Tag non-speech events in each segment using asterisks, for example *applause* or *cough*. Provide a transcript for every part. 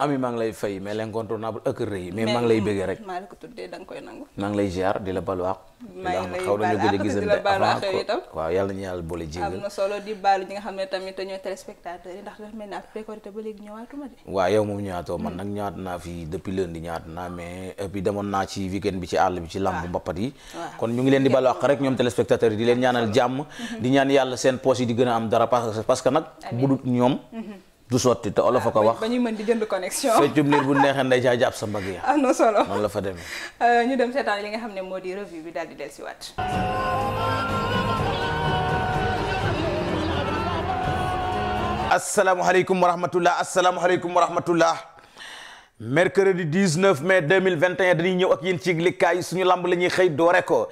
ami maa ngi lay fay mais l'incontournable ëkk rëy mais maa lay bëggee *laughs* rek maa la ko tuddee da nga koy lay ziar di la balu àq xaw nañu a na solo di baalu ñi nga xam moom ñëwaatoo man hmm. nag ñëwaat naa fi depuis lundi ñëwaat naa mais et demoon naa ci weekend bi ci àll bi ci lamb mbappat yi kon ñu ngi leen di balu rek ñoom téléspectateurs yi di leen ñaanal jàmm hmm. di ñaan yàlla seen poche yi di gën a am dara parce nag budut ñoom hmm. du sotti te olof a ko ah, wax ba man di jënd connexion feccum liir bu neexee nday caa jàpp sa mbagg ya am ah, na solo noonu la fa demee *laughs* euh, ñu dem seetaan li nga xam ne moo di revue bi daal di del si waat asalaamaaleykum wa rahmatullah asalaamaaleykum wa rahmatullah mercredi 19 mai 2021 dañuy ñëw ak yéen ci yëglikaay suñu làmb la ñuy xëy doore ko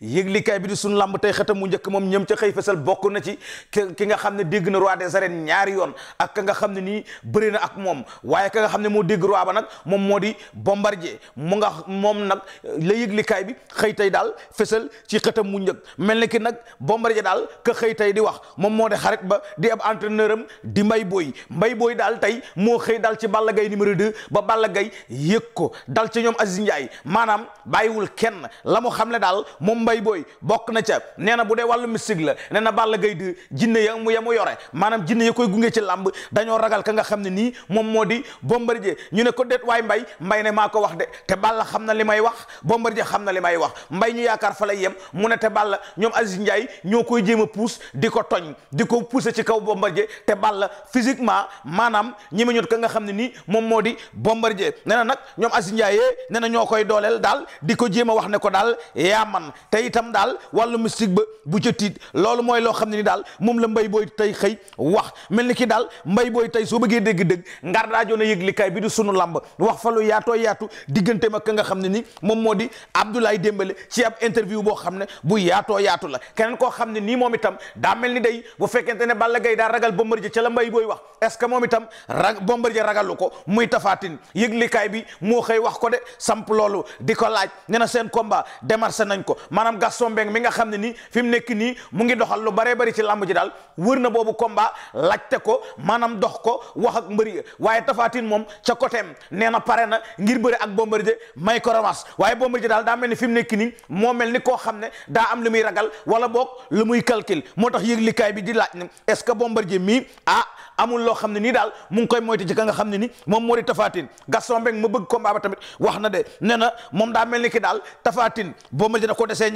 yëglikaay bi di suñu lamb tey xëtam mu njëkk moom ñëm ca xëy fesal bokk na ci ki xam ne dégg na roi des arènes ñaari yoon ak ka nga xam ne nii bëri na ak moom waaye ka nga xam ne moo dégg roi ba nag moom moo di bombardier mu nga moom nag la yëglikaay bi xëy tey daal fesal ci xëtam mu njëkk mel ni ki nag bombardier daal xëy tey di wax moom moo di ba di ab entraîneur am di mbay booy mbay booy daal tey moo xëy dal ci Balla gay numéro 2 ba Balla gay yëg ko dal ci ñoom Aziz Ndiaye maanaam bàyyiwul kenn la mu xamle daal moom bay booy bokk na ca nee na bu dee wàllu mystique la nee na Balla gay di jinne ya mu ya mu yore maanaam jinne ya koy gunge ci làmb dañoo ragal ka nga xam ne nii moom moo di Bombardier ñu ne ko déet waay mbay mbay ne maa ko wax de te Balla xam na li may wax Bombardier xam na li may wax mbay ñu yaakaar fa yem mu ne te Balla ñoom Aziz Ndiaye ñoo koy jéem a puus di ko toñ di ko pousser ci kaw Bombardier te Balla physiquement maanaam ñi ma ñut nga xam ne nii moom moo di Bombardier nee na nag ñoom Aziz Ndiaye nee na ñoo koy dooleel daal di ko jéem a wax ne ko daal yaa man te itam daal wàllu mystique ba bu ca tiit loolu mooy loo xam ne ni daal moom la mbay booy tey xëy wax mel ni kii daal mbay booy tey soo bëggee dégg-dégg ngar daa joon a yëglikaay bi di sunu làmb wax fa lu yaatoo yaatu diggante ma ka nga xam ne ni moom moo di Abdoulaye Dembélé ci ab interview boo xam ne bu yaatoo yaatu la keneen koo xam ne nii moom itam daa mel ni day bu fekkente ne Balla gay daa ragal Bombardier ca la mbay booy wax est ce moom itam ra Bombardier ragalu ko muy tafaatin yëglikaay bi moo xëy wax ko de samp loolu di ko laaj ne na seen combat démarché nañ ko maanaam Gaston Mbengue mi nga xam ne nii fi mu nekk nii mu ngi doxal lu baree bari ci làmb ji daal wër na boobu combat laajte ko maanaam dox ko wax ak mbëri waaye Tapha Tine moom ca côté am na pare na ngir bëri ak Bombardier may ko ramas waaye Bombardier daal daa mel ni fi mu nekk nii moo mel ni koo xam ne daa am lu muy ragal wala boog lu muy calcul moo tax yëglikaay bi di laaj na est-ce que Bombardier mii ah amul loo xam ne nii daal mu ngi koy moytu ci ka nga xam ne ni moom moo di Tapha Tine Gaston Mbengue ma bëgg combat ba tamit wax na de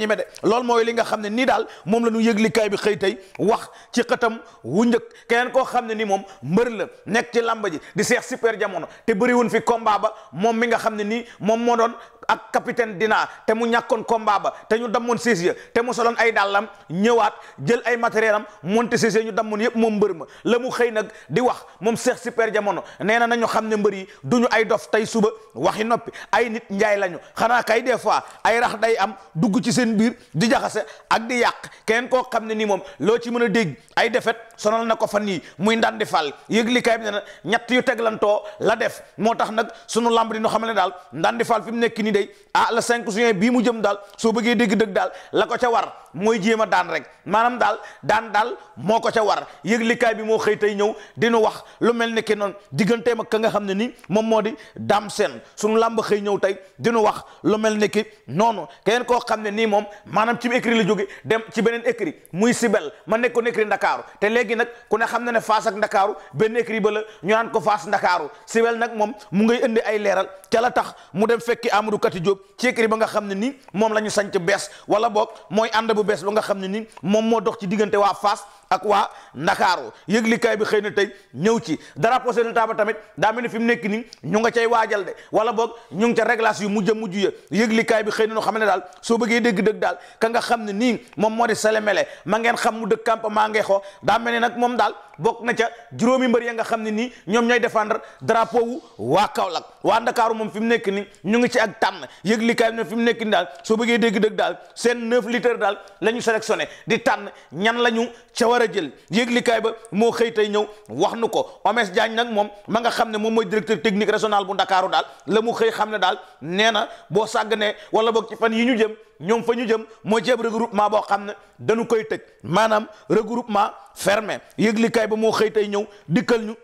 nee ñeme de loolu mooy li nga xam ne nii daal moom la ñu yëglikaay bi xëy tey wax ci xëtam wu njëkk keneen koo xam ne nii moom mbër la nekk ci làmb ji di seex super jamono te bëriwun fi combat ba moom mi nga xam ne nii moom moo doon ak capitaine Dina te mu ñàkkoon combat ba te ñu dammoon siis te mu soloon ay dàllam ñëwaat jël ay matériel am monte siis ñu dammoon yépp moom mbër ma la mu xëy nag di wax moom Seex supper Jamono nee na nañu xam ne mbër yi du ñu ay dof tey suba waxi noppi ay nit njaay lañu xanaa kay des fois ay rax day am dugg ci seen biir di jaxase ak di yàq keneen koo xam ne nii moom loo ci mën a dégg ay defet sonal na ko fan nii muy ndandi fall yëglikaay bi ne na ñett yu teglantoo la def moo tax nag sunu lamb di ñu xamal ne daal ndandi fall fi mu nekk nii day ah le 5 juin bii mu jëm daal soo bëggee dégg dëgg daal la ko ca war mooy jéem a daan rek maanaam daal daan daal moo ko ca war yëglikaay bi moo xëy tey ñëw dinu wax lu mel ni ki noonu digganteem ak ka nga xam ne ni moom moo di daam seen sunu lamb xëy ñëw tey dinu wax lu mel ni ki noonu keneen koo xam ne nii moom maanaam ci écrit la jóge dem ci beneen écrit muy sibel ma nekkoon écrit Ndakaaru te léegi nag ku ne xam na ne Fass ak Ndakaaru benn écrit ba la ñu naan ko Fass Ndakaaru Siwel nag moom mu ngay indi ay leeral ca la tax mu dem fekki Amadou Kati Diop ci écrit ba nga xam ne nii moom la ñu sanc bees wala boog mooy ànd bu bees ba nga xam ne nii moom moo dox ci diggante waa Fass ak waa ndakaaru yëglikaay bi xëy na tey ñëw ci drapeau Sénégal ba tamit daa mel ni fi mu nekk nii ñu nga cay waajal wala boog ñu ngi ca réglage yu mujj a mujj ya yëglikaay bi xëy na ñu xam ne daal soo bëggee dégg-dëgg daal ka nga xam ne moom moo di selemele ma ngeen xam mu dëkk campement ngeexoo daa mel ni nag moom daal bokk na ca juróomi mbër ya nga xam ne nii ñoom ñooy défendre drapeau waa Kaolack waa ndakaaru moom fi mu nekk nii ñu ngi ci ak tànn yëglikaay bi ne fi mu nekk nii daal soo bëggee dégg-dëgg daal seen neuf litres daal la ñu sélectionné di tànn ñan la ñu war a jël yëglikaay ba moo xëy tey ñëw wax nu ko Omes Diagne nag moom ma nga xam ne moom mooy directeur technique régional bu Ndakaaru daal la mu xëy xam ne daal nee na boo sàgganee wala boog ci fan yi ñu jëm ñoom fa ñu jëm mooy ceeb regroupement boo xam ne dañu koy tëj maanaam regroupement fermé yëglikaay ba moo xëy ñëw dikkal ñu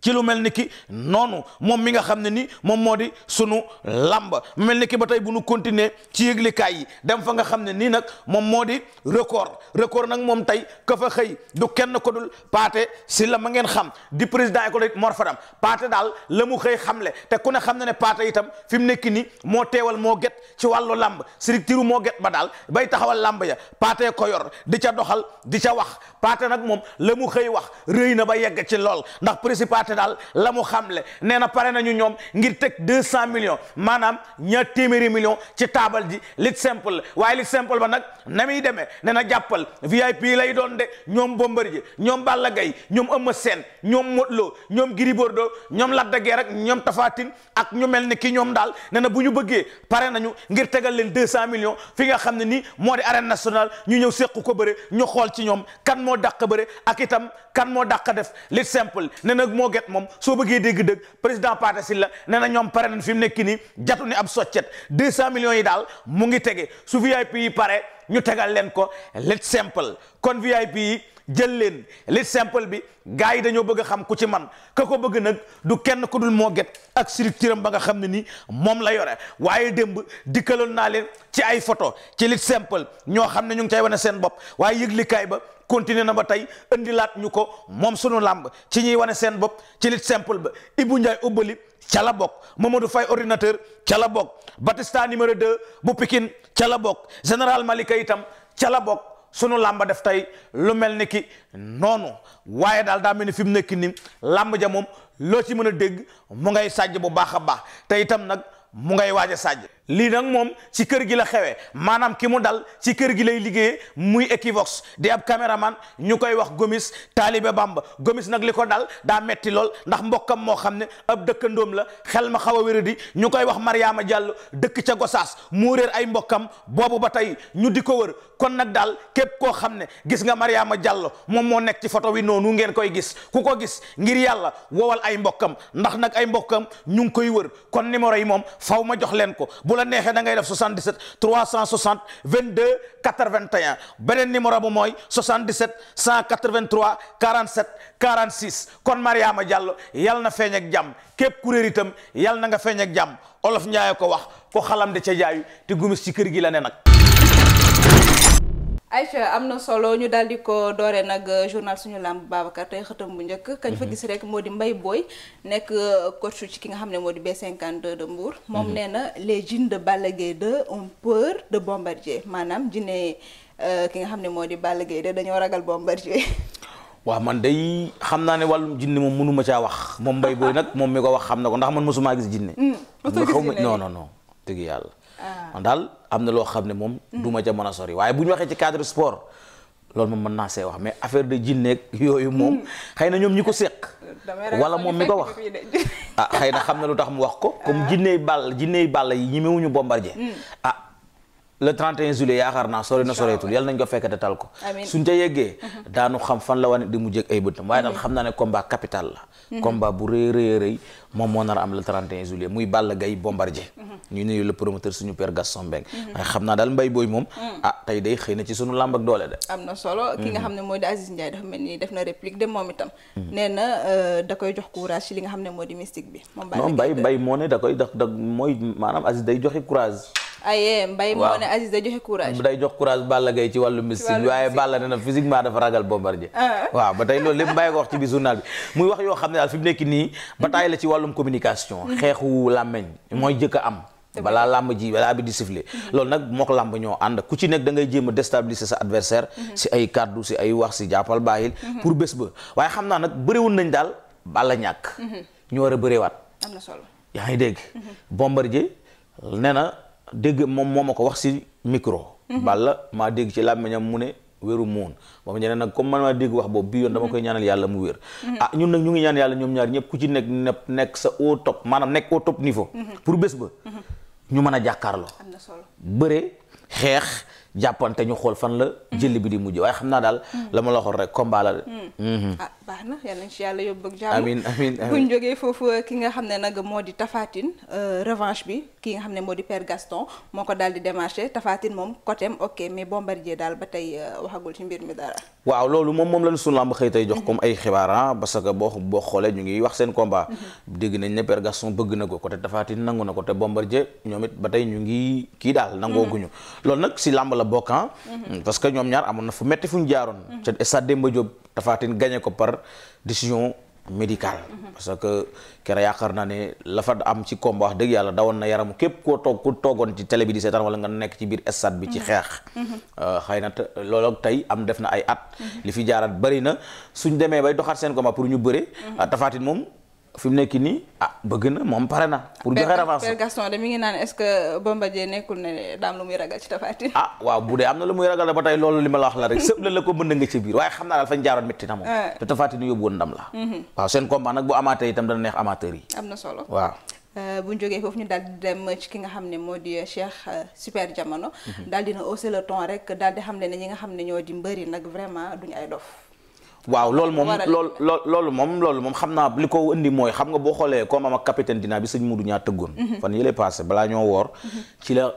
ci lu mel ni ki noonu moom mi nga xam ne nii moom moo di sunu làmb mel ni ki ba tey bu nu continuer ci yëglikaay yi dem fa nga xam ne nii nag moom moo di record record nag moom tey ka xëy du kenn ko dul paate si la ma ngeen xam di président écologique Mor Fadam paate daal la mu xëy xamle te ku ne xam ne ne paate itam fi mu nekk nii moo teewal moo get ci wàllu làmb structure moo get ba daal bay taxawal làmb ya paate ko yor di ca doxal di ca wax paate nag moom la mu xëy wax rëy na ba yegg ci lool ndax principal jaxate daal la mu xamle nee na pare nañu ñoom ngir teg deux cent millions maanaam ñaar téeméeri millions ci taabal ji lit simple waaye lit simple ba nag na muy demee nee na jàppal VIP lay doon de ñoom Bombardier ñoom Balla Gaye ñoom Eumeu Sène ñoom Modou Lô ñoom Gris Bordeaux ñoom Lac de Guiers ak ñoom Tapha Tine ak ñu mel ni ki ñoom daal nee na bu ñu bëggee pare nañu ngir tegal leen deux cent millions fi nga xam ne ni moo di arène national ñu ñëw seq ko bëre ñu xool ci ñoom kan moo dàq bëre ak itam kan moo dàq def get moom soo bëggee dégg dëgg président Pata Sylla nee na ñoom pare nañ fi mu nekk nii jatu soccet deux cent millions yi daal mu ngi tege su VIP yi pare ñu tegal leen ko let simple kon VIP yi jël leen li simple bi gars yi dañoo bëgg a xam ku ci man ka ko bëgg nag du kenn ku dul moo get ak structure am ba nga xam ne nii moom la yore waaye démb dikkaloon naa leen ci ay photo ci li simple ñoo xam ne ñu ngi cay wane seen bopp waaye yëglikaay ba continué na ba tey indilaat ñu ko moom sunu làmb ci ñuy wane seen bopp ci lit simple ba Ibou Ndiaye ubbali ca la bokk moom Mamadou Faye ordinateur ca la bokk Batista numéro 2 bu Pikine ca la bokk général Malika itam ca la bokk sunu làmba def tey lu mel ni ki noonu waaye daal daa mel ni fi mu nekk nii làmb ja moom loo ci mën a dégg mu ngay sàjj bu baax a baax te itam nag mu ngay waaj a sàjj lii nag moom ci kër gi la xewee maanaam ki mu dal ci kër gi lay liggéeyee muy Equivox di ab caméraman ñu koy wax Gomis taalibe Bamba Gomis nag li ko dal daa metti lool ndax mbokkam moo xam ne ab dëkkandoom la xel ma xaw a wéradi ñu koy wax Mariama jàll dëkk ca Gosaas mu réer ay mbokkam boobu ba tey ñu di ko wër kon nag daal képp koo xam ne gis nga Mariama Diallo moom moo nekk ci photo wi noonu ngeen koy gis ku ko gis ngir yàlla wowal ay mbokkam ndax nag ay mbokkam ñu ngi koy wër faw ma jox leen ko bu la neexee da ngay def 77 360 22 81 beneen numéro bu mooy 77 183 47 46 kon Mariama jàll yal na feeñ ak jàmm képp kuréel itam yal na nga feeñ ak jàmm olof Ndiaye ko wax ko xalam de ca jaayu te gumis ci kër gi la ne nag. ay Aïcha am na solo ñu daal di ko doore nag euh, journal suñu làmb Babacar tey xëtam bu njëkk. kañ fa mhm. gis rek moo di Mbaye booy nekk euh, coach ci ki nga xam ne moo di B52 de Mbour. moom mhm. nee na les jeunes de Balla Gaye 2 ont peur de Bombardier maanaam jinne euh, ki nga xam ne moo di Balla Gaye 2 dañoo ragal Bombardier. *laughs* waaw man day xam naa ne wàllum jinne moom mënuma caa wax moom Mbaye Boy nag moom mi ko wax xam na ko ndax man mosuma gis jinne. Mm, mosoo gis jinne non non non yàlla. Ah. man daal am na loo xam ne moom. Hmm. du ma ca mën a sori waaye bu ñu waxee ci cadre sport loolu moom mën naa see wax mais affaire de jinneeg yooyu moom hmm. xëy na ñoom ñi ko séq. wala moom mi ko wax ah xëy na xam na lu tax mu wax ko. comme ah. jinneey bàll jinneey bàll yi ñemewuñu bombardier hmm. ah le 31 juillet yaakaar naa sori na soreetul yàlla nañ ko fekk te ko suñ ca yeggee daanu xam fan la wane di mu jég ay bëtam waaye daal xam naa ne combat capital la mhm. combat bu rëy rëy moom moo nar am le 31 juillet muy Balla Gaye Bombardier mhm. ñu nuyu le promoteur suñu père Gaston Mbengue mhm. waaye xam naa daal mbay booy moom ah tey day xëy na ci suñu làmb ak doole de am na solo ki nga xam ne moo di Aziz Ndiaye dafa mel ni def na réplique de moom itam nee euh, da koy jox courage ci li nga xam ne moo di mystique bi moom mbay mbay moo ne da koy da da aye mbay moo ne Aziz day joxe courage day jox courage Balla Gaye ci wàllu mystique waaye Balla ne na physiquement dafa ragal bombardier ah. waaw ba tey loolu lépp mbay ko wax ci bi journal bi muy wax yoo xam ne daal fi mu nekk nii bataille la ci wàllum communication mm-hmm. xeexu làmmeñ mooy jëkk am balaa làmb ji balaa bi di siffler mm-hmm. loolu nag moo ko làmb ñoo ànd ku ci nekk da ngay jéem a déstabiliser sa adversaire mm-hmm. si ay kàddu si ay wax si jàppal bàyyil pour bés ba waaye xam naa nag bëriwul nañ daal Balla ñàkk ñu war a bëreewaat am na solo yaa ngi dégg Bombardier nee na dégg moom moo a ko wax si micro. Mhm. Balla maa dégg ci làmmiñam mu ne wéru muun moom ñeneen nag comme man maa dégg wax boobu bii yoon dama mhm. koy ñaanal yàlla mu wér. Mhm. ah ñun nag ñu ngi ñaan yàlla ñoom ñaar ñëpp ku ci nekk nekk sa au top maanaam nekk au top pour bés ba. ñu mën a jàkkaarloo. bëre xeex. jàppante ñu xool fan la jëli bi di mujj waaye xam naa daal mm. la ma la waxoon rek combat la de mm. mm-hmm. ah baax na yal nañ ci yàlla yóbbu ak jàmm amiin amiin euh, nga xam ne nag moo di Tafatine euh, revanche bi ki nga xam ne moo di Père Gaston moo ko daal di démarché Tafatine moom côté am ok mais Bombardier daal ba tey euh, waxagul ci mbir mi dara waaw loolu moom moom lañ sunu làmb xëy tey jox comme ay xibaar ah, parce que boo boo xoolee ñu ngi wax seen combat mm-hmm. dégg nañ ne Père Gaston bëgg na ko te Tafatine nangu na ko te Bombardier ñoom ba tey ñu ngi kii daal nangooguñu mm-hmm. loolu bokk ah. mhm. parce que ñoom ñaar amoon na fu metti fu ñu jaaroon. ca mhm. stade Demba Diop Tapha Tine gagné ko par décision médicale. Mhm. parce que kenn yaakaar naa ne la fa am ci combat wax dëgg yàlla dawoon na yaramu képp koo toog ku toogoon ci télé bi di seetaan wala nga nekk ci biir stade bi ci xeex. Euh, xëy na loolu tey am def na ay at. li fi jaaraat bëri na suñ demee bay doxaat seen combat pour ñu bëre. Euh, Tapha moom. fi mu nekk nii ah bëgg na moom pare na. pour joxe revanche Père Gaston de mi ngi naan est-ce que Bombardier nekkul ne daam lu muy ragal ci Tapha ah waaw bu dee am na lu muy ragal ba tey loolu li ma la wax la rek sëb la la ko mën nga ci biir waaye xam naa daal fañ jaaroon métti na moom. te Tapha Tine yóbbu woon ndam la. Mhm. waaw seen combat nag bu amaatee itam dana neex amateurs yi. am na solo waaw. Euh, bu ñu foofu ñu daal dem ci ki nga xam ne moo di Cheikh euh, Super waaw loolu moom loolu loolu moom loolu moom xam naa li ko indi mooy xam nga boo xoolee comme am ak capitaine dinaa bi sëñ Mudu ñaa tëggoon mhm. fan yële passé balaa ñoo woor mhm. ci la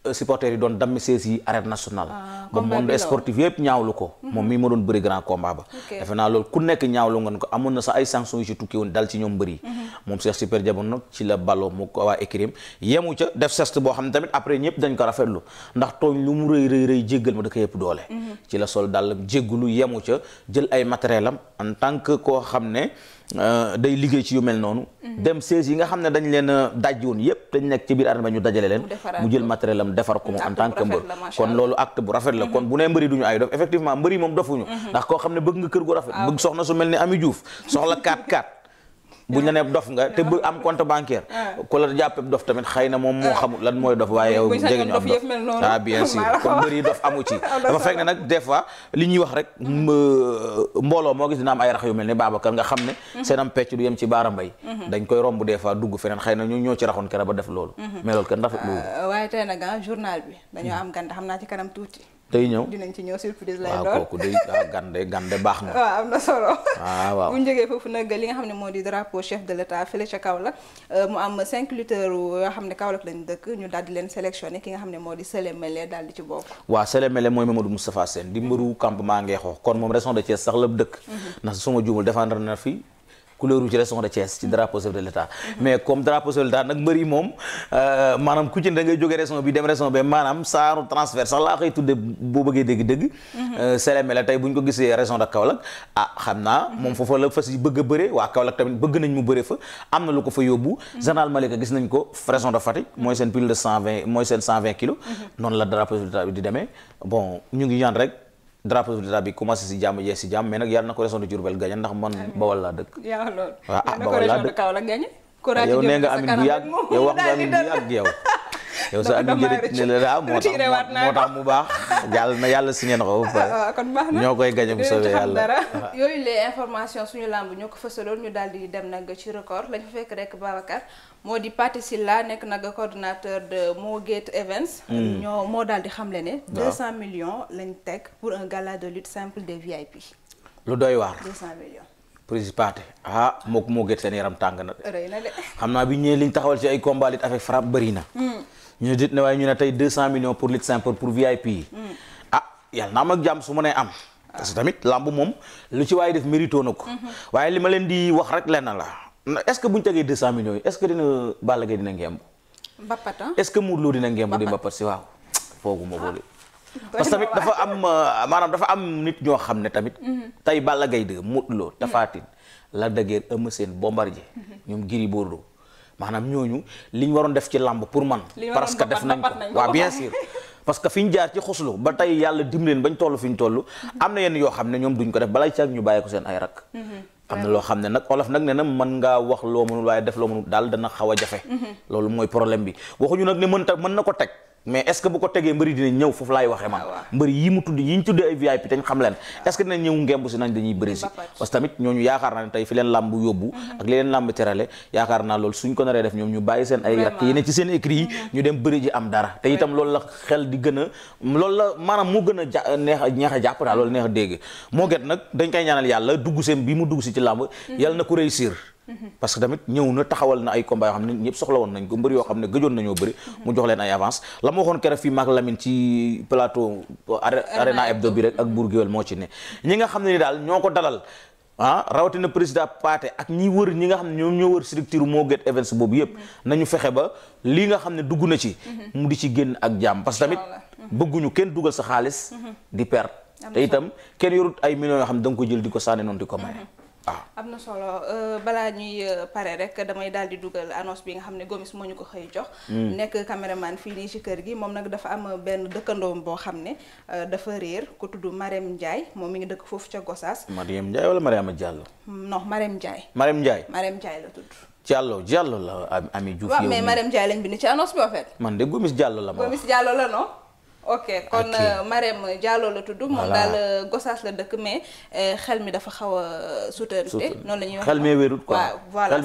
Euh, supporters yi doon dammi sees yi arène nationale ah, ba monde sportif yëpp ñaawlu ko mhm. moom mii ma doon bëri grand combat ba defe naa loolu ku nekk ñaawlu nga ko amoon na sax ay sanctions yu ci tukki woon dal ci ñoom bëri mhm. moom Cheikh Super Diamono ci la baloo mu ko waa écrim yemu ca def geste boo xam ne tamit après ñëpp dañ ko rafetlu ndax tooñ lu mu rëy rëy jéggal ma da ko yëpp doole mhm. ci la sol dal jéggulu yemu ca jël ay matériel am en tant que koo xam Euh, day liggéey ci yu mel noonu. Mhm. dem sees yi nga xam ne dañ leen daj woon yëpp dañ nekk ci biir arène ba ñu dajale leen. mu jël matériel am defar ko moom en tant que mbër. kon loolu acte bu rafet la mhm. kon bu nee mbëri du ñu ay dof effectivement mbëri moom dofuñu. Mhm. ndax koo xam ne bëgg nga kër gu rafet. Ah, bëgg soxna su mel ni Ami Diouf soxla 4-4. *laughs* buñ la nee dof nga te bu am compte bancaire ah. ku la jàppee dof tamit xëy na moom moo ah. xamul lan mooy dof waaye yow jege ñu am dof ah bien sûr *laughs* euh, mbooloo moo gis dina am ay rax yu ni ne Babacar nga xam ne mhm. seen am pecc du yem ci baara mbay mhm. dañ koy romb des dugg feneen xëy na ñu ñoo ci raxoon kere ba def loolu mhm. mais loolu kenn rafetlu waaye tey nag ah, journal bi dañoo am gan xam naa ci kanam tuuti day ñëw dinañ ci ñëw surprise lay doon waaw kooku day gande gande baax na *laughs* waaw am na solo ah, waaw waaw bu ñu jógee foofu nag li nga xam ne moo di drapeau chef de l'état fële ca Kaolack euh, mu am cinq lutteurs yoo xam ne Kaolack lañ dëkk ñu daal di leen sélectionné ki nga xam ne moo di Sele Mele daal di ci bokk waaw Sele Mele mooy Mamadou Moustapha Sène di mbëru campement ngee xoox kon moom région de Thiès sax la dëkk mhm. ndax suma juumul défendre na fii couleur rouge sont de Thiès ci drapeau chef de l'état mais comme drapeau chef de l'état nag mbëri moom euh, maanaam ku ci ne da jóge région bi dem région bi maanaam saaru transfert sax laa koy tudde boo bëggee dégg dëgg euh, Sélémé la tey bu ñu ko gisee région de Kaolack ah xam naa moom foofa la fas yi bëgg a bëre waa Kaolack tamit bëgg nañ mu bëre fa am na lu ko fa yóbbu général Malika gis nañ ko région de Fatick mooy seen pile de mooy seen cent drapeau de l'État bi commencé si jàmm jee si jàmm mais nag yàlla na ko région de Diourbel gañe ndax man Bawol laa dëkk. yaa lool waaw ah Bawol laa nee nga Amine bu *laughs* yàgg yow wax nga Amine bu yàgg yow yow sa ami njëriñ ne ah, moo tax mu baax yàlla na yàlla signé na ko ah, kon baax ñoo koy gañe bu soobee yàlla ah. yooyu les information suñu làmb ñoo ko fësaloon ñu daal di dem nag ci record lañ fa fekk rek Babacar moo di Paty Silla nekk nag coordinateur de Mo Gate hmm. ñoo moo daal di xamle ne. waaw 200 millions lañ teg pour un gala de lutte simple des VIP. lu doy waar 200 millions. président Paty ah moo ko seen yaram tàng na de. na de xam naa bi ñu ñëwee liñ taxawal ci ay combat lutte avec frappe bëri na. Hmm. ñu ne dit ne waaye ñu ne tey deux cent millions pour lutte simple pour VIP yi hmm. ah yàlla na am ak jàmm su ma nee am tamit lamb moom lu ci waaye def mérito na ko hmm. waaye li ma leen di wax rek lenn la est-ce que bu ñu tegee deux cent millions yi est-ce que dina Balla Gaye dina ngemb mbappat ah. est-ce que Modou Lo dina ngemb di mbappat si waaw fooguma ah. boole *laughs* parce que tamit dafa am euh, maanaam dafa am nit ñoo xam ne tamit hmm. tey Balla gay de Modou loo Tapha Tine Lac de Guiers Eumeu Sène Bombardier ñoom Gris maanaam ñooñu li ñu waroon def ci làmb pour man parce que def nañ ko waaw bien sûr parce que fi jaar ci xuslu ba tey yàlla dimbali bañ toll fi ñu am na yenn yoo xam ne ñoom duñ ko def balay caag ñu bàyyi ko seen ay rak mm-hmm. am na loo xam ne nag olof nag nee na mën ngaa wax loo mënul waaye def loo mënul daal dana xaw a jafe mm-hmm. loolu mooy problème bi waxuñu nag ne mën na ko teg mais est-ce bu ko tegee mbëri dinañ ñëw foofu laay waxee man ah, mbëri yi mu tudd yi ñu tuddee ay VIP te ñu leen est-ce que dinañ ñëw ngemb si nañ dañuy bëri si tamit ñooñu yaakaar naa ne tey fi leen làmb yóbbu mhm. ak li leen làmb terale yaakaar naa lool suñ ko naree def ñoom ñu bàyyi seen ay rakk yi ne ci seen écrit yi mhm. ñu dem bëri ji am dara te itam loolu la xel di gën a loolu la maanaam moo gën a ja neex a neex a loolu neex dégg moo get nag dañ koy ñaanal yàlla dugg seen bi mu dugg si ci làmb mhm. yàlla na ko réussir parce que tamit ñëw na taxawal na ay combat yoo xam ne ñëpp soxla woon nañ ko mbër yoo xam ne gëjoon nañoo bëri mu jox leen ay avance la ma fii maak Lamine ci plateau Arena Hebdo bi rek ak Bour Gueweul moo ci ne ñi nga xam ne ni daal ñoo ko dalal ah rawatina président Pathé ak ñi wër ñi nga xam ne ñoom ñoo wër structure moo get events boobu yëpp nañu fexe ba lii nga xam ne dugg na ci mu di ci génn ak jàmm parce que tamit bëgguñu kenn dugal sa xaalis mhm. di perte te itam kenn jël di ko sànni noonu di ko Ah. am na solo euh, balaa ñuy euh, pare rek damay daal di dugal annonce bi nga xam ne Gomis moo ñu ko xëy jox. Hmm. nekk caméraman fii nii ci kër gi moom nag dafa am benn dëkkandoom boo xam ne euh, dafa réer ku tudd Marème Ndiaye moom mi ngi dëkk foofu ca Gossas. Marème Ndiaye wala Mariama jàll non Marème Ndiaye. Marème Ndiaye Marème Ndiaye la tudd. Diallo Diallo la Ami Diouf. yow mais Marème Ndiaye lañ bind ci man de Gomis jàll la ma wax Gomis Diallo ok kon euh, Marème Diallo la tudd. moom daal euh, Gossas la dëkk mais euh, xel mi dafa xaw a suutarute. Eh, noonu la ñuy wax xel mee wérut quoi voilà xel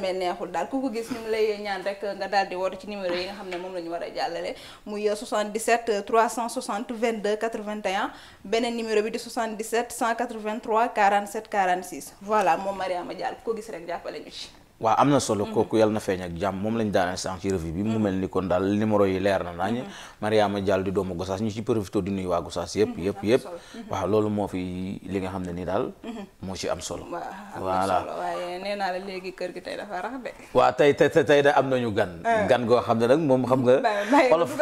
mi neexul. daal ku ko gis ñu ngi lay ñaan rek nga dal di woote ci numéro yi nga xam ne moom la ñu war a jàllale muy 77 360 22 81 beneen numéro bi di 77 183 47 46 voilà moom Mariama Diallo ku ko gis rek jàppale ñu ci. waaw am na solo mhm. kooku yal na feeñ ak jàmm moom lañ daan instant ci revue bi mu mhm. mel ni kon daal numéro yi leer na naa nañ mhm. Mariama jàll di doomu Gossas ñu ci profité di nuyu waa Gossas yëpp yëpp yëpp waaw loolu moo fi li nga xam ne nii daal moo ci am solo voilà waaye nee naa la léegi kër gi tey dafa rax de waaw tey tey tey da am ñu gan ah. gan goo xam ne nag moom xam nga olof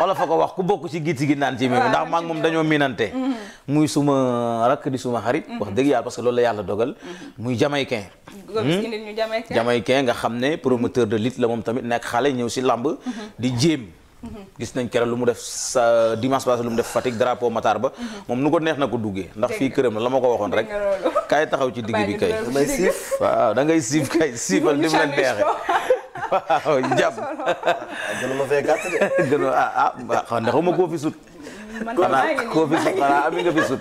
wala fa ko wax ku bokk ci gitt gi naan ci meew ndax maa moom dañoo miinante mm-hmm. muy suma rakk di suma xarit mm-hmm. wax dëgg yàlla parce que loolu la yàlla dogal mm-hmm. muy hmm? jamaïcain jamaïcain nga xam ne promoteur de lutte la moom tamit nekk xale ñëw si làmb di jéem gis nañ keroog lu mu def sa dimanche passé lu mu def Fatick drapeau mataar ba moom nu ko neex na ko duggee ndax fii këram la la ma ko waxoon rek kay taxaw ci digg bi kay dangay siif waaw kay *laughs* siifal dim leen deexe waaw *laughs* oh, jàmm. gënu *laughs* ma fee gàtt de. gënu *laughs* ah ma ah, xawma koo fi sut. man de maa ngi koo fi sut xanaa ami nga fi sut.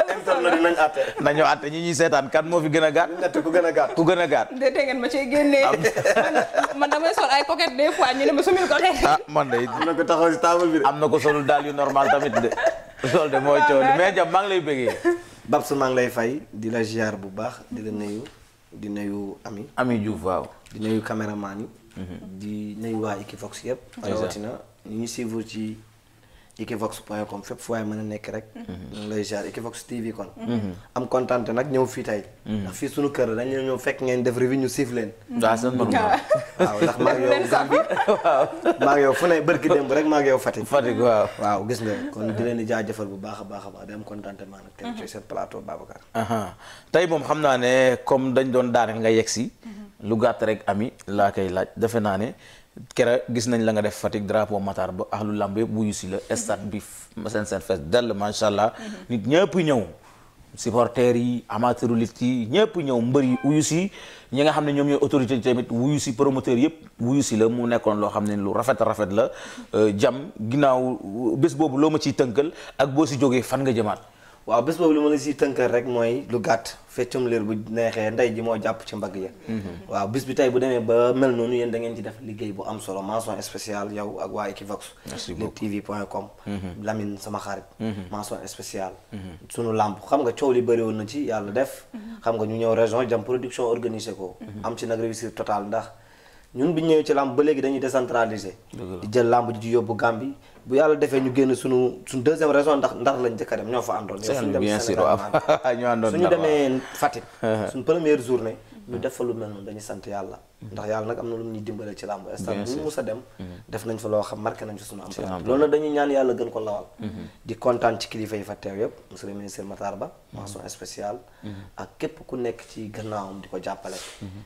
nañu àtte. nañu àtte ñi ñuy seetaan kan moo fi gën a gàtt. natt ku gën a gàtt. ku gën a gàtt. de ma cee génnee. man damay sol ay coquette des fois ñu ne ma sumil coquette. ah man de. am na ko taxaw si table am na ko solul daal yu normal tamit de. sol de mooy ah, coow mais jàmm maa lay bëggee. Babs maa ngi lay fay di la ziar bu baax di la nayu di nuyu Ami. Ami Diouf waaw. di nuyu caméraman yi. Mhm. di nuyu waa Equivox yëpp. rawatina ñu ngi suivre ci. Equivox point com fépp fu waay mën a nekk rek. Mhm. ñu lay jaar Equivox TV kon. Mhm. am kontaan te nag ñëw fii tey. Mhm. ndax fii suñu kër dañ leen ñëw fekk ngeen def revue ñu siif leen. waaw seen borom waaw ndax maa a baax a baax di am contentement nag. tey ci seen daaneel nga yegg si. lu gàtt rek ami laa koy laaj defe naa ne. kera gis nañ la nga def Fatick drapeau Matar ba ahlu lamb yëpp wuyu si la stade bi seen seen fees dell macha allah mhm. nit ñëpp ñëw supporters yi amateuru lutte yi ñëpp ñëw mbër yi wuyu si ñi nga xam ne ñoom ñooy autorité yi wuyu si promoteur yëpp wuyu si la mu nekkoon loo xam ne lu rafet rafet la euh, jam ginnaaw bés boobu loo ma ciy tënkal ak boo si jógee fan nga jëmaat waaw bés boobu li ma la siy tënkal rek mooy lu gàtt feccum liir bu neexee ndey ji moo jàpp ci mbagg ya mm-hmm. waaw bis bi tey bu demee ba mel noonu yéen da ngeen ci def liggéey bu am solo mention spéciale yow ak waa Equivox Lutte TV point com mm-hmm. Lamine sama xarit mm-hmm. mention spéciale sunu làmb xam nga coow li bëri woon na ci yàlla def xam nga ñu ñëw région jam production organisé ko am ci nag réussir total ndax ñun bi ñëwee ci làmb ba léegi dañuy décentraliser di jël làmb ji yóbbu Gambie bu yàlla defee ñu génn suñu suñu deuxième raison ndax ndar lañ njëkk a dem ñoo fa àndoon. *laughs* suñu dem Sénégal suñu demee Fatick. *laughs* suñu première journée. ñu def fa lu mel noonu dañuy sant yàlla. ndax yàlla nag am na lu mu ñuy dimbale ci làmb instant bu mu sa dem mm-hmm. def nañ fa loo xam marqué nañ fa suñu emploi loolu nag dañuy ñaan yàlla gën ko lawal mm-hmm. di kontaan ci kilifa yi fa teew yëpp monsieur le ministre Matar Ba mm-hmm. mention spéciale ak képp ku nekk ci gannaawam di ko jàppale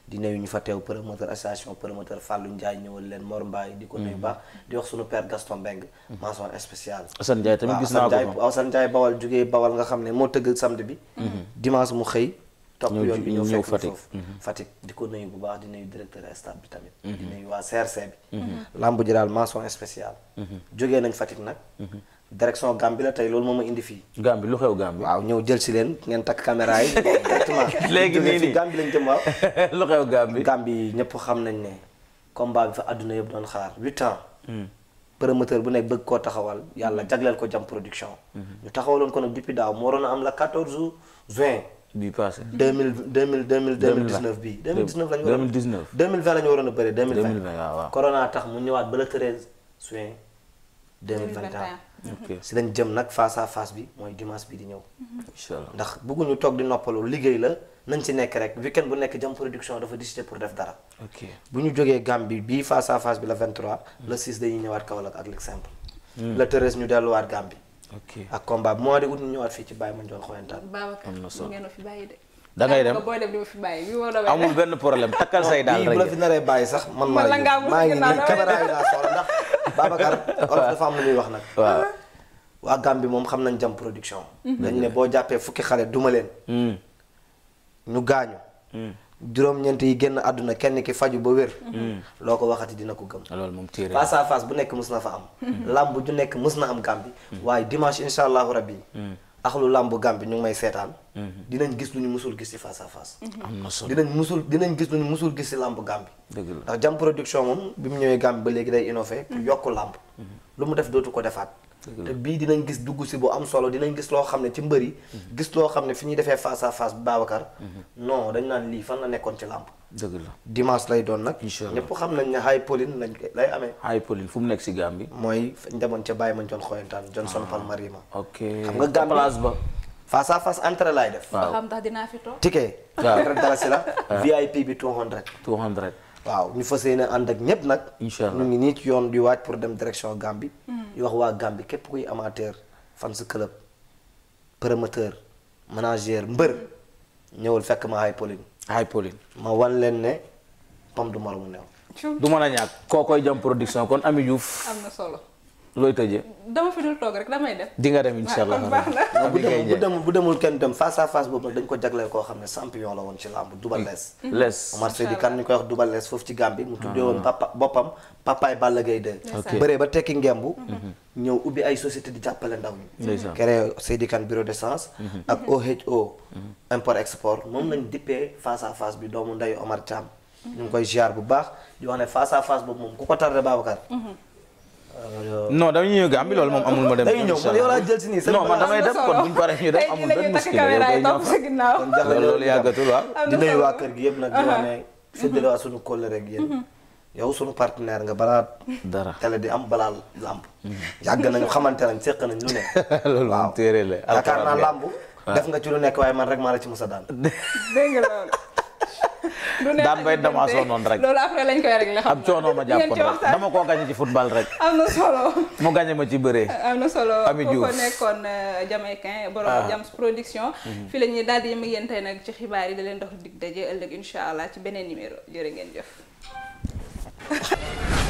di nuyu ñu fa teew promoteur association promoteur Fallou Ndiaye ñëwal leen Mor Mbaye di ko nuyu baax di wax suñu père Gaston Mbengue mention spéciale tamit gis naa ko Assane Ndiaye bawal jógee bawal nga xam ne moo tëgg samedi bi dimanche mu xëy topp yoon bi ñëw fekk foofu mm-hmm. Fatick di ko nuyu bu baax di nuyu directeur stade bi tamit mm-hmm. di nuyu waa CRC bi mm-hmm. lamb ji daal mention spéciale jógee nañ nag direction Gambie la tey loolu moo ma indi fii Gambie lu xew Gambie waaw ñëw jël si leen ngeen takk *laughs* *laughs* lu xew Gambie Gambie xam nañ ne combat bi fa àdduna yëpp doon xaar huit ans mm. bu nekk bëgg koo taxawal yàlla mm. jagleel ko jam production ñu taxawaloon ko nag depuis daaw moo waroon a am la 14 juin bii passé deux mille deux mille deux mille deux mille dix neuf bii. deux mille dix neuf la ñu waroon deux mille dix neuf deux mille vingt la ñu waroon a bëri deux mille vingt waaw waaw. corona tax mu ñëwaat ba le treize juin deux mille vingt et un si lañ jëm nag face à face bi mooy dimanche bi di ñëw. Mm-hmm. incha allah ndax bëgguñu toog di noppalu liggéey la nañ ci nekk rek weekend bu nekk jëm production dafa décidé pour def dara. ok bu ñu jógee Gambie bii face à face bi la 23. le 6 dañuy ñëwaat Kaolack ak l'exemple. Mm. le treize ñu delluwaat Gambie. ok ak combat mois de août ñu ñëwaat fii ci Baye Mandione xoyantaan. am na solo Babacar bàyyi dem booy dem di ma fi bàyyi amul benn problème takkal say daal rek bu la fi naree bàyyi sax man maa ngi maa ngi nii caméra yi laa soxla ndax Babacar olof dafa am lu muy wax nag. *laughs* waa Gambie moom xam nañ jam production. Mhm. dañ ne boo jàppee fukki xale duma leen. Mm. ñu gaañu. Mm. juróom-ñeent yi génn àdduna kenn ki faju ba wér. Mm. loo ko waxati dina ko gëm. Ah, loolu moom téere face bu nekk mus na fa am. Mm. làmb ju nekk mus na am Gàmbi. Mm. waaye dimanche incha allahu rabbi. axlu làmb Gàmbi ñu ngi may seetaan. dinañ gis lu ñu musul gis ci mm-hmm. am na solo dinañ musul dinañ gis lu ñu gis ci làmb Gàmbi. dëgg la ndax jam production moom bi mu ñëwee Gàmbi ba léegi day innové. yokk làmb. Mm-hmm. lu mu def dootu ko defaat. te bii dinañ gis dugg si bu am solo dinañ gis loo xam ne ci mbër yi. gis loo xam ne fi ñuy defee face à face Babacar. dañ naan lii fan la nekkoon ci làmb. dëgg la lay doon nag. incha allah ñëpp xam nañ ne High Pauline lañ lay High Pauline fu mu nekk si Gambie. mooy ñu demoon ca Baye Mandione Xoyantaan Johnson ah, Palmarima. ok xam nga Gambie place ba. face à laay def. waaw xam ndax dinaa fi toog. ticket. dara si la. Ah. VIP bi 200. 200. waaw ñu fa yéene ànd ak ñëpp nag. incha allah ngi nii ci yoon di waaj pour dem direction Gambie. Hmm. di wax waa Gambie képp kuy amateur fan sa club promoteur manager mbër hmm. ñëwul fekk ma High Pauline. ma wan leen ne pam du moromu mu du mën a ñàkk koo koy jam production kon Ami Diouf. am na solo. looy tëjee. dama fi dul toog rek damay def. di dem incha ah, *laughs* bu demul bu demul bu demul kenn dem face à face boobu ko jagleel koo xam ne champion la woon ci làmb Double hmm. Less. Hmm. Less Omar Seydi Kane ñu koy mu ah. woon papa boppam ba tekki ngembu. Hmm. Mhm. ñëw ubbi ay société di jàppale ndaw ñi. ndeysaan créé Seydi Kane bureau d'essence. Mhm. ak mhm. moom lañ dippee face à face bi doomu ndeyu Omar Thiam. ñu ngi koy ziar bu baax di wax ne face à face boobu moom ku ko tardé Babacar. noon non damay ñëw Gàmbi loolu moom amul ma dem. non man damay def kon buñ paree ñu def amul benn muskil loolu yàggatul waaw. di nuyu waa kër gi yëpp nag di wax ne uh-huh. séddale waa suñu kóol rek yéen. Uh-huh. yow suñu partenaire nga balaa. dara télé di am balaa làmb. Uh-huh. yàgg nañu xamante nañ seq nañ lu ne. *laughs* loolu moom téere la yaakaar def nga ci lu nekk waaye man rek maa la ci mos a daan. *laughs* daan bay dama soonoon rek loolu après lañ koy régler xam ab coono ma jàppoon rek dama koo gagné ci football rek *laughs* am na solo mu gagné ma ci bëree am na solo ami Diouf ko nekkoon euh, jamaïcain borom ah. Jams production mhm. fii la ñuy daal di yem yéen tey nag ci xibaar yi da leen dox dig daje ëllëg incha allah ci beneen numéro jërë ngeen jëf *laughs*